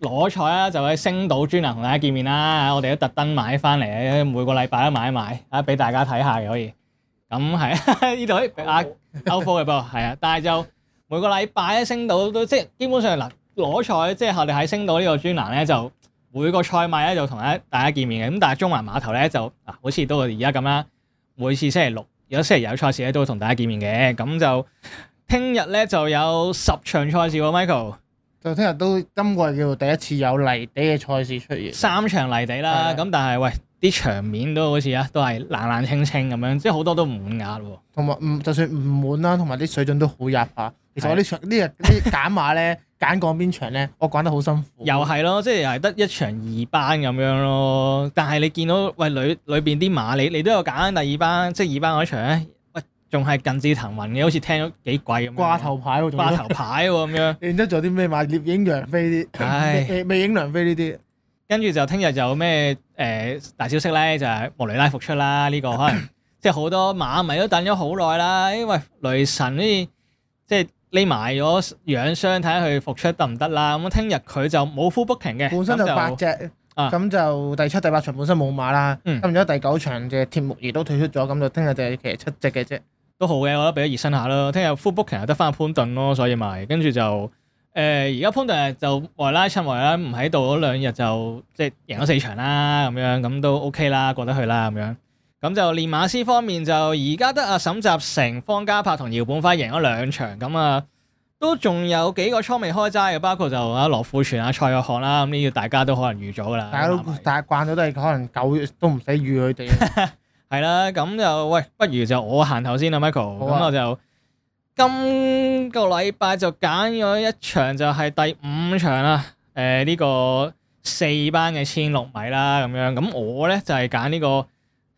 攞彩啦，菜就喺星島專欄同大家見面啦！我哋都特登買翻嚟，每個禮拜都買一買，啊俾大家睇下嘅可以。咁係呢隊啊歐科嘅不過係啊，但係就每個禮拜咧升到都即係基本上嗱攞彩，即係我哋喺星島呢個專欄咧就每個賽買咧就同大家見面嘅。咁但係中環碼頭咧就啊好似都而家咁啦，每次星期六有星期日有賽事咧都會同大家見面嘅。咁就聽日咧就有十場賽事喎，Michael。就聽日都今季叫做第一次有泥地嘅賽事出現，三場泥地啦，咁的但係喂啲場面都好似啊，都係冷冷清清咁樣，即係好多都唔滿壓喎。同埋唔就算唔滿啦，同埋啲水準都好壓。其實我呢場呢日呢揀馬咧，揀過邊場咧，我揀得好辛苦。又係咯，即係又係得一場二班咁樣咯。但係你見到喂裏裏邊啲馬你，你你都有揀第二班，即係二班嗰場咧。仲係近至騰雲嘅，好似聽咗幾貴咁，掛頭牌喎，掛頭牌喎咁樣。然之後做啲咩馬？獵影、楊飛啲，唉，未影、楊飛呢啲。跟住就聽日就咩？誒大消息咧，就係莫雷拉復出啦！呢個可能即係好多馬迷都等咗好耐啦。因為雷神呢，即係匿埋咗養傷，睇下佢復出得唔得啦。咁聽日佢就冇 full booking 嘅，本身就八隻。啊，咁就第七、第八場本身冇馬啦。嗯。咁而家第九場隻鐵木兒都退出咗，咁就聽日就騎七隻嘅啫。都好嘅，我覺得俾咗熱身下咯。聽日 full book 其實得返潘頓咯，所以咪跟住就誒，而、呃、家潘頓就外拉趁嚟啦，唔喺度嗰兩日就即係、就是、贏咗四場啦，咁樣咁都 OK 啦，過得去啦咁樣。咁就練馬師方面就而家得阿沈集成、方嘉柏同姚本輝贏咗兩場，咁啊都仲有幾個倉未開齋，包括就啊羅富全啊蔡約翰啦，咁呢啲大家都可能預咗㗎啦。大家都是大家慣咗都係可能九月都唔使預佢哋。係啦，咁就喂，不如就我行頭先啦，Michael。咁我就今個禮拜就揀咗一場，就係第五場啦。誒，呢個四班嘅千六米啦，咁樣。咁我咧就係揀呢個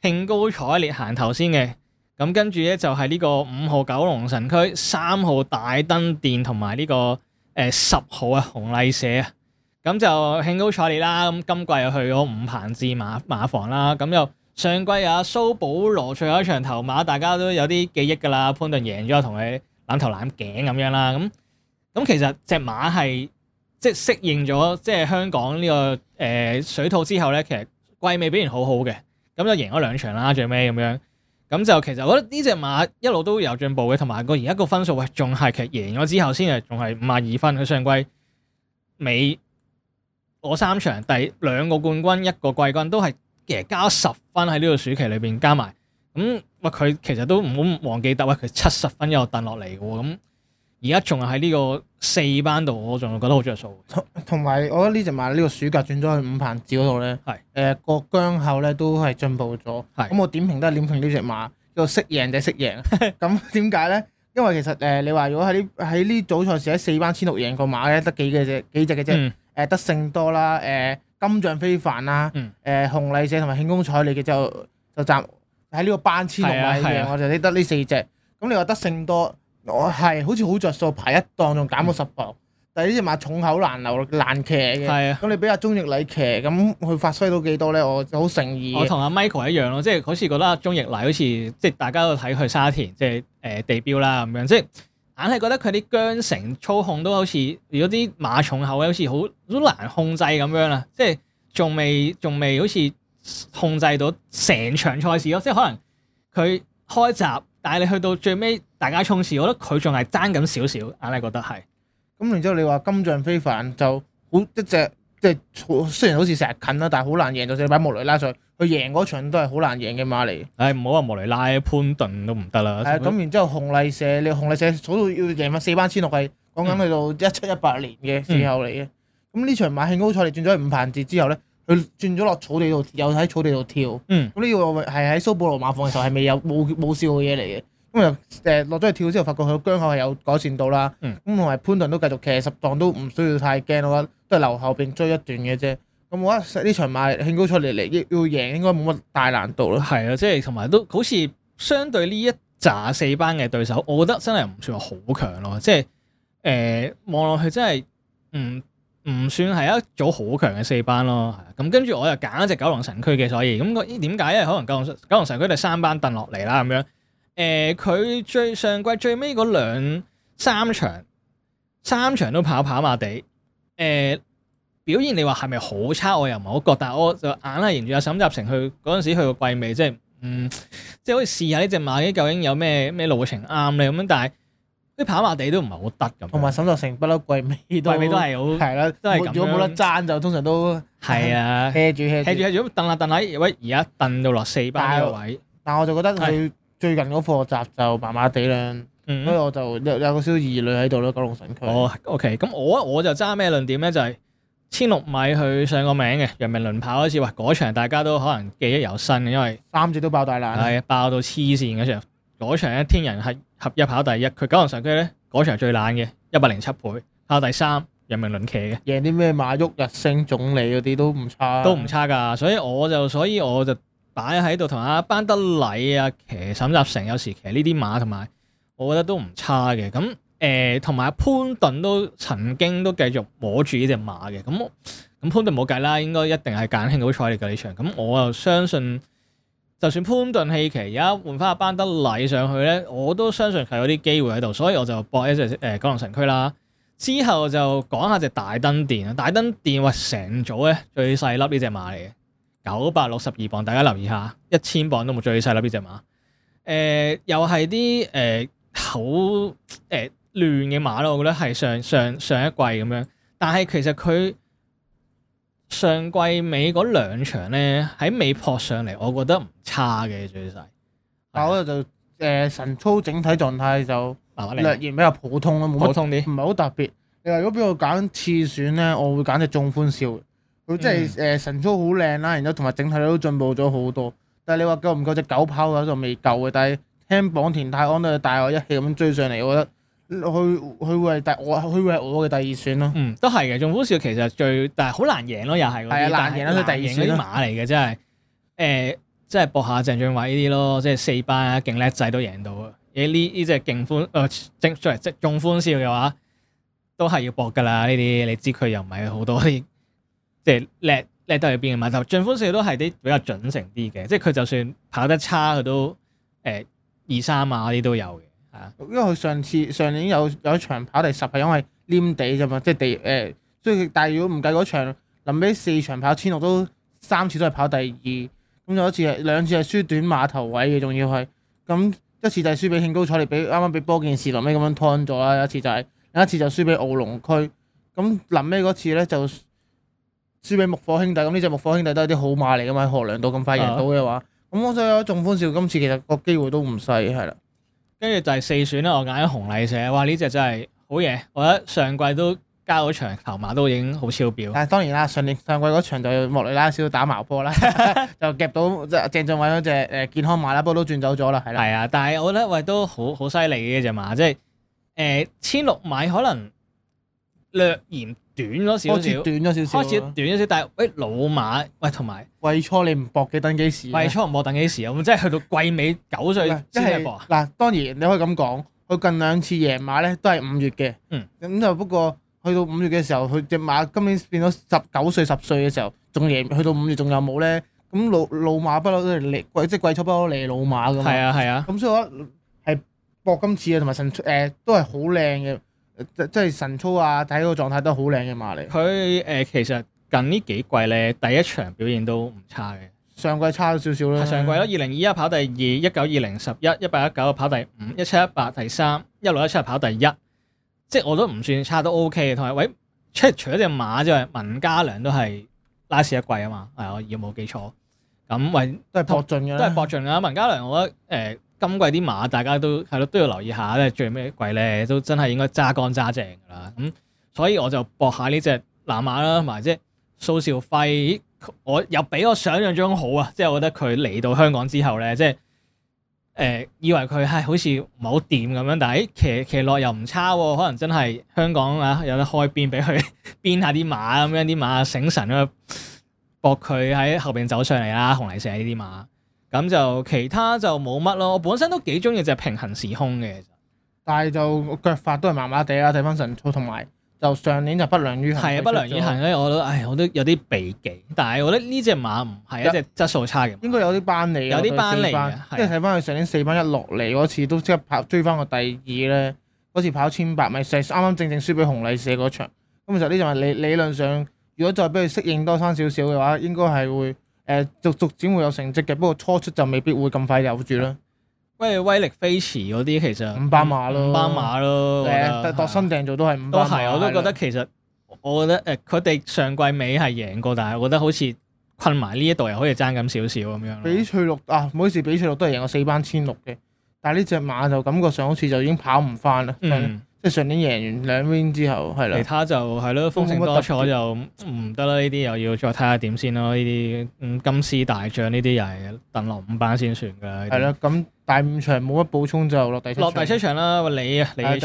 興高采烈行頭先嘅。咁跟住咧就係呢個五號九龍神駒、三號大登殿同埋呢個誒十號啊紅麗舍啊。咁就興高采烈啦。咁今季又去咗伍鵬志馬馬房啦。咁又。上季阿蘇保羅最後一場頭馬，大家都有啲記憶噶啦。潘頓贏咗，同佢攬頭攬頸咁樣啦。咁咁其實隻馬係即係適應咗即係香港呢、這個誒、呃、水土之後咧，其實季尾表現好好嘅。咁就贏咗兩場啦，最尾咁樣。咁就其實我覺得呢隻馬一路都有進步嘅，同埋個而家個分數喂仲係其實贏咗之後先係仲係五十二分。佢上季尾攞三場，第兩個冠軍，一個季軍都係。其實加十分喺呢個暑期裏邊加埋，咁喂佢其實都唔好忘記得喂佢七十分一又墊落嚟嘅喎，咁而家仲係喺呢個四班度，我仲覺得好著數。同埋，我覺得呢隻馬呢個暑假轉咗去五棒子嗰度咧，係誒過江後咧都係進步咗。咁係我點評都係點評呢隻馬，叫做識贏就識贏。咁點解咧？因為其實誒、呃、你話如果喺喺呢組賽事喺四班千六贏過馬咧，得幾隻嘅啫？幾隻嘅啫？誒、嗯、得勝多啦，誒、呃。金像非凡啊，誒、嗯嗯、紅麗舍同埋慶功彩嚟嘅就就集喺呢個班次同埋我就得得呢四隻。咁你話得勝多，我係好似好着數，排一檔仲減咗十磅。嗯、但呢隻馬重口難留啦，難騎嘅。咁、啊、你比較鍾易禮騎，咁佢發揮到幾多咧？我就好誠意。我同阿 Michael 一樣咯，即、就、係、是、好似覺得鍾易禮好似即係大家都睇佢沙田即係誒地標啦咁樣，即係。硬係覺得佢啲僵繩操控都好似如果啲馬重口，好似好好難控制咁樣啦，即係仲未仲未好似控制到成場賽事咯，即係可能佢開閘，但係你去到最尾大家衝刺，我覺得佢仲係爭緊少少，硬係覺得係。咁然之後你話金像非凡就好、哦、一隻。即係雖然好似成日近啦，但係好難贏到，算你買莫雷拉上去，佢贏嗰場都係好難贏嘅馬嚟。誒唔好話莫雷拉，潘頓都唔得啦。係咁、哎、麼然之後紅麗舍，你紅麗舍好到要贏返四班千六係講緊去到一七一八年嘅時候嚟嘅。咁呢場馬興高賽，你轉咗去五盤字之後咧，佢轉咗落草地度，又喺草地度跳。嗯。咁呢個係喺蘇保羅馬房嘅時候係未有冇冇笑嘅嘢嚟嘅。咁又落咗去跳之後，發覺佢個僵口係有改善到啦。咁同埋潘頓都繼續騎十檔，都唔需要太驚啦。都係留後邊追一段嘅啫。咁我覺得呢場馬興高出嚟嚟要贏，應該冇乜大難度咯。係啊，即係同埋都好似相對呢一紮四班嘅對手，我覺得真係唔算話好強咯。即係誒望落去真係唔唔算係一組好強嘅四班咯。咁跟住我又揀一隻九龍神駒嘅，所以咁點解？因為可能九龍九龍神駒係三班墊落嚟啦，咁樣。誒，佢、呃、最上季最尾嗰兩三場，三場都跑跑馬地，誒、呃，表現你話係咪好差？我又唔係好覺得，但係我就硬係沿住阿沈集成去嗰陣時去個季尾，即係，嗯，即係可以試下呢隻馬，究竟有咩咩路程啱你咁樣？但係啲跑馬地都唔係好得咁，同埋沈集成不嬲季尾都季尾都係好，係啦的，都係咁樣，有冇得爭就通常都係的啊 hea 住 hea 住 hea 住，咁蹬下蹬下，喂，而家蹬到落四班位，但係我就覺得最近嗰課習就麻麻地啦，所以我就有有少少疑慮喺度咯。嗯、九龍神駒哦、Oh，OK，咁我我就揸咩論點咧，就係千六米去上個名嘅，楊明綸跑嗰次話嗰場大家都可能記憶猶新，因為三隻都爆大冷，係爆到黐線嗰場。嗰場咧天人係合一跑第一，佢九龍神駒咧嗰場最冷嘅一百零七倍跑第三，楊明綸騎嘅贏啲咩馬旭日升總理嗰啲都唔差，啊，都唔差噶，所以我就所以我就。擺喺度同阿班德禮啊騎沈立成，有時騎呢啲馬同埋，還有我覺得都唔差嘅。咁誒同埋阿潘頓都曾經都繼續摸住呢隻馬嘅。咁咁潘頓冇計啦，應該一定係揀興高采烈嚟㗎呢場。咁我又相信，就算潘頓棄騎而家換翻阿班德禮上去咧，我都相信係有啲機會喺度。所以我就博一隻誒九龍神駒啦。之後就講一下隻大登殿啊！大登殿哇，成、呃、組咧最細粒呢隻馬嚟嘅。九百六十二磅，大家留意一下，一千磅都冇最細啦！呢隻馬，誒、呃、又係啲誒好誒亂嘅馬咯，我覺得係上上上一季咁樣。但係其實佢上季尾嗰兩場咧，喺尾撲上嚟，我覺得唔差嘅最細。嗱，我就誒、呃、神操整體狀態就略嫌比較普通咯，慢慢普通啲，唔係好特別。你話如果畀我揀次選咧，我會揀隻眾歡笑。佢真係誒神操好靚啦，然之後同埋整體都進步咗好多。但係你話夠唔夠隻狗跑嘅就未夠嘅。但係聽榜田泰安都係帶我一氣咁追上嚟，我覺得佢佢會係第我佢會係我嘅第二選咯。嗯，都係嘅。仲歡笑其實最但係好難贏咯，又係。係啊，難贏但都係贏嗰啲馬嚟嘅，真係誒，即係搏下鄭俊偉呢啲咯，即係四班啊，勁叻仔都贏到啊！誒呢呢隻勁歡誒即即仲歡笑嘅話，都係要搏㗎啦呢啲，你知佢又唔係好多啲。即係叻叻得喺邊嘅嘛？就俊峰四都係啲比較準成啲嘅，即係佢就算跑得差，佢都誒二三啊啲都有嘅嚇。啊、因為佢上次上年有有一場跑第十，係因為黏地啫嘛，即、就、係、是、地誒、呃。所以但係如果唔計嗰場臨尾四場跑 1,，千六都三次都係跑第二，咁有一次係兩次係輸短馬頭位嘅，仲要係咁一次就係輸俾興高采烈，俾啱啱俾波件事，臨尾咁樣拖咗啦。有一次就係、是、有一次就輸俾奧龍區咁臨尾嗰次咧就。輸俾木火兄弟，咁呢隻木火兄弟都係啲好馬嚟噶嘛，學兩度咁快贏到嘅話，咁、哦、我想有仲歡笑，今次其實個機會都唔細，係啦。跟住就係四選啦，我揀咗紅麗舍，哇！呢隻真係好嘢，我覺得上季都交咗場頭馬都已經好超標。但係當然啦，上年上季嗰場就莫里拉少打矛波啦， 就夾到鄭鄭俊偉嗰隻誒健康馬啦，波都轉走咗啦，係啦。係啊，但係我覺得喂都好好犀利嘅隻馬，即係誒千六米可能。略嫌短咗少少，開始短咗少少，開始短咗少，少但係喂老馬，喂同埋季初你唔搏嘅等幾時？季初唔搏等幾時啊？我真係去到季尾九歲即入搏啊！嗱是，當然你可以咁講，佢近兩次贏馬咧都係五月嘅，嗯，咁就不過去到五月嘅時候，佢隻馬今年變咗十九歲十歲嘅時候，仲贏去到五月仲有冇咧？咁老老馬不嬲都係劣，即係季初不嬲你老馬嘅嘛，係啊係啊，咁所以我覺得係搏今次啊，同埋神誒都係好靚嘅。即即係神操啊！睇到個狀態都好靚嘅馬嚟。佢誒、呃，其實近呢幾季咧，第一場表現都唔差嘅。上季差咗少少啦。上季咯，二零二一跑第二，一九二零十一一八一九跑第五，一七一八第三，一六一七跑第一。即係我都唔算差，都 O K 嘅。同埋，喂，check 除咗隻馬之外，文家良都係拉屎一季啊嘛。係，我如果冇記錯，咁喂都係搏盡嘅，都係搏盡啊。文家良，我覺得誒。呃今季啲馬，大家都係咯，都要留意一下。即係最尾季咧，都真係應該揸乾揸淨噶啦。咁所以我就博下呢隻藍馬啦，同埋即係蘇兆輝，我，我又比我想象中好啊！即、就、係、是、我覺得佢嚟到香港之後咧，即係誒以為佢係好似唔係好掂咁樣，但係騎騎落又唔差喎、啊。可能真係香港啊，有得開邊俾佢 鞭下啲馬咁樣，啲馬醒神啊，博佢喺後邊走上嚟啦。紅麗舍呢啲馬。咁就其他就冇乜咯，我本身都幾中意隻平衡時空嘅，但係就腳法都係麻麻地啦，睇翻神操同埋就上年就不良於行。係啊的，不良於行咧，我都唉，我都有啲避忌，但係我覺得呢隻馬唔係一隻質素差嘅，應該有啲班嚟，有啲班嚟，即因為睇翻佢上年四班一落嚟嗰次都即刻追翻個第二咧，嗰次跑千八米，四，啱啱正正輸俾紅麗舍嗰場，咁其實呢就係理理論上，如果再俾佢適應多生少少嘅話，應該係會。誒，逐逐漸會有成績嘅，不過初出就未必會咁快有住啦。喂，威力飛馳嗰啲其實五班馬咯，五班馬咯，誒，但是度，度身訂做都係五班。都係是，我都覺得其實，的我覺得誒，佢哋的、呃、上季尾係贏過，但係我覺得好似困埋呢一度又可以爭咁少少咁樣。比翠綠啊，唔好意思，比翠綠都係贏過四班千六嘅，但係呢隻馬就感覺上好似就已經跑唔翻啦。嗯即係上年贏完兩 win 之後，係啦，其他就係咯，風情多彩就唔得啦。呢啲又要再睇下點先咯。呢啲嗯金絲大將呢啲又係等落五班先算㗎。係咯了，咁第種五場冇乜補充就落第場落第七場啦。你，你啊，你嘅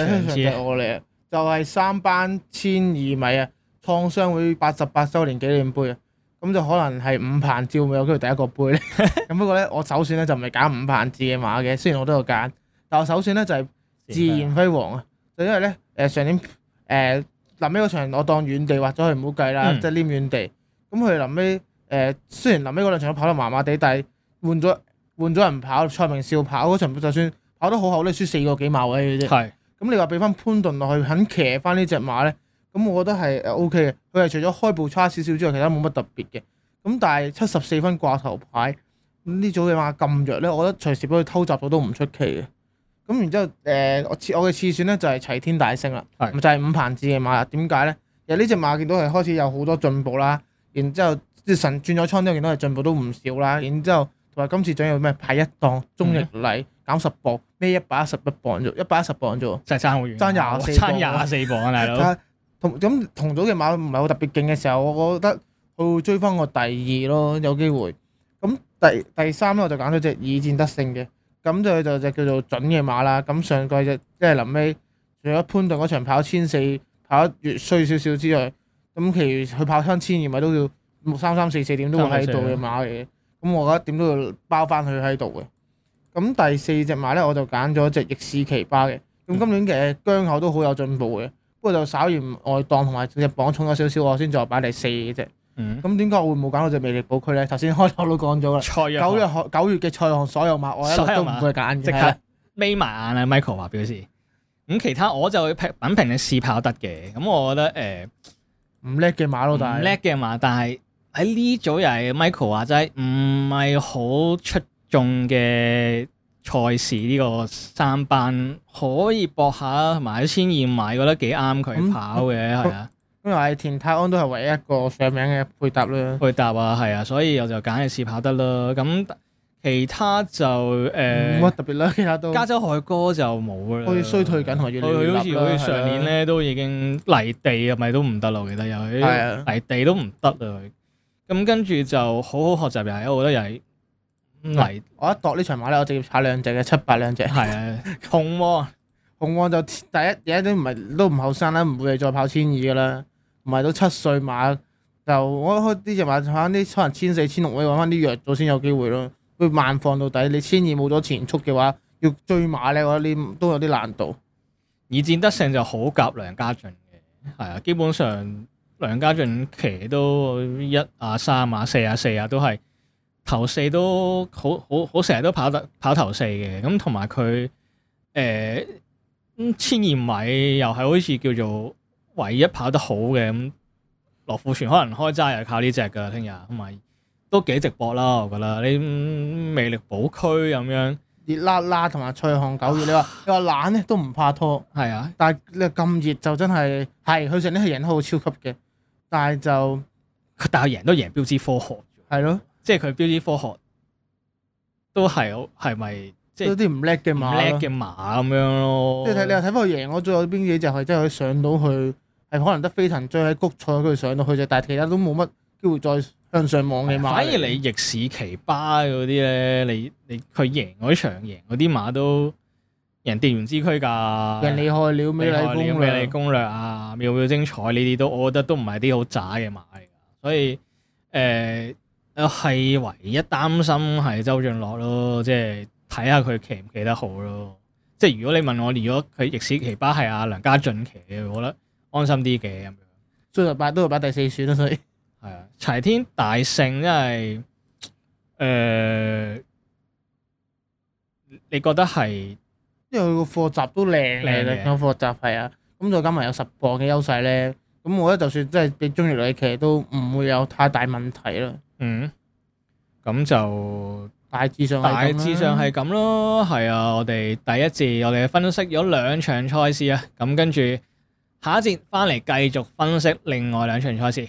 場我嚟啊，就係、是、三班千二米啊，創商會八十八週年紀念杯啊，咁就可能係五棚趙沒有佢第一個杯咧。咁 不過咧，我首選咧就唔係揀五棒趙嘅馬嘅，雖然我都有揀，但我首選咧就係自然輝煌啊。就因為咧，誒、呃、上年誒臨尾嗰場，我當遠地或者佢，唔好計啦，嗯、即係黏遠地。咁佢哋臨尾誒，雖然臨尾嗰兩場都跑得麻麻地，但係換咗換咗人跑，蔡明紹跑嗰場，就算跑得好好，都輸四個幾馬位嘅啫。咁係。你話俾翻潘頓落去肯騎翻呢隻馬咧，咁我覺得係誒 O K 嘅。佢係除咗開步差少少之外，其他冇乜特別嘅。咁但係七十四分掛頭牌，呢組馬咁弱咧，我覺得隨時俾佢偷襲咗都唔出奇嘅。咁然之後，誒、呃、我次我嘅次選咧就係、是、齊天大聖啦，是就係五棚志嘅馬啦。點解咧？其實呢隻馬見到係開始有好多進步啦。然之後即神轉咗倉之後，見到係進步都唔少啦。然之後同埋今次仲有咩，派一檔鍾易禮減十磅，孭一百一十一磅啫，一百一十磅啫，就係爭好遠，爭廿四磅，爭廿四磅啊大佬。 同咁同組嘅馬唔係好特別勁嘅時候，我覺得佢會追翻個第二咯，有機會。咁第第三咧，我就揀咗隻以戰得勝嘅。咁就就就叫做準嘅馬啦。咁上季就即係臨尾，除咗潘頓嗰場跑千四跑得越衰少少之外，咁其餘佢跑翻千二米都要三三四四點都會喺度嘅馬嘅。咁我覺得點都要包翻佢喺度嘅。咁第四隻馬呢，我就揀咗隻逆市奇爸嘅。咁今年嘅實疆口都好有進步嘅，不過就稍嫌外檔同埋只磅重咗少少，我先再擺第四隻。嗯，咁點解我會冇揀到隻魅力寶區咧？頭先開頭都講咗啦，九月九月嘅賽項所有馬我一路都唔會揀嘅，即刻眯埋眼啊！Michael 話表示，咁、嗯、其他我就品評你試跑得嘅，咁我覺得誒唔叻嘅馬咯，但係唔叻嘅馬，但係喺呢組又係 Michael 話齋唔係好出眾嘅賽事呢，個三班可以搏下埋一千二買，覺得幾啱佢跑嘅係啊。啊啊因為田泰安都係唯一一個上名嘅配搭啦，配搭啊，係啊，所以我就揀佢試跑得啦。咁其他就誒冇乜特別啦、啊，其他都加州海哥就冇啦，好似衰退緊佢好似佢上年咧、啊、都已經泥地啊，咪都唔得咯，我記得有泥地都唔得啊。咁跟住就好好學習又係，我覺得又係泥。我一度呢場馬咧，我直接踩兩隻嘅七八兩隻，係啊， 紅黃控黃就第一第一都唔係都唔後生啦，唔會再跑千二噶啦。唔係都七歲馬，就我一開啲就買啲可能千四千六米，揾翻啲弱咗先有機會咯。會慢放到底，你千二冇咗前速嘅話，要追馬咧，我覺得都有啲難度。以戰得勝就好夾梁家俊嘅，係啊，基本上梁家俊騎都一啊三啊四啊四啊，都係頭四，都好好好成日都跑得跑頭四嘅，咁同埋佢誒千二米又係好似叫做。唯一跑得好嘅咁，羅富全可能開齋又靠呢隻㗎，聽日同埋都幾值博啦，我覺得你、嗯、魅力保區咁樣熱辣辣翠，同埋賽項九月，你話你話懶咧都唔怕拖，係啊，但係你咁熱就真係係佢成日都係贏得好超級嘅，但係就但係贏都贏標誌科學，係咯、啊，即係佢標誌科學都係好係咪即係啲唔叻嘅馬，唔叻嘅馬咁樣咯，即係睇你又睇翻佢贏咗最後邊幾隻係真係上到去。係可能得飛騰追喺谷賽度上到去啫，但係其他都冇乜機會再向上網嘅馬。反而你逆市奇爸嗰啲咧，你你佢贏嗰場贏嗰啲馬都人定然之區㗎，人哋開了美麗攻略，美麗攻略啊，妙妙精彩呢啲都，我覺得都唔係啲好渣嘅馬嚟。所以誒，係、呃、唯一擔心係周俊樂咯，即係睇下佢騎唔企得好咯。即係如果你問我，如果佢逆市奇爸係阿梁家俊騎嘅，我覺得。安心啲嘅咁樣，最十八都係排第四選啦，所以係啊。齊天大聖，因為誒，你覺得係因為佢個課習都靚嘅，個課習係啊。咁再加埋有十磅嘅優勢咧，咁我覺得就算真係你中意其騎都唔會有太大問題啦。嗯，咁就大致上係咁啦。大致上係咁咯，係啊。我哋第一節我哋分析咗兩場賽事啊，咁跟住。下一節翻嚟繼續分析另外兩場賽事。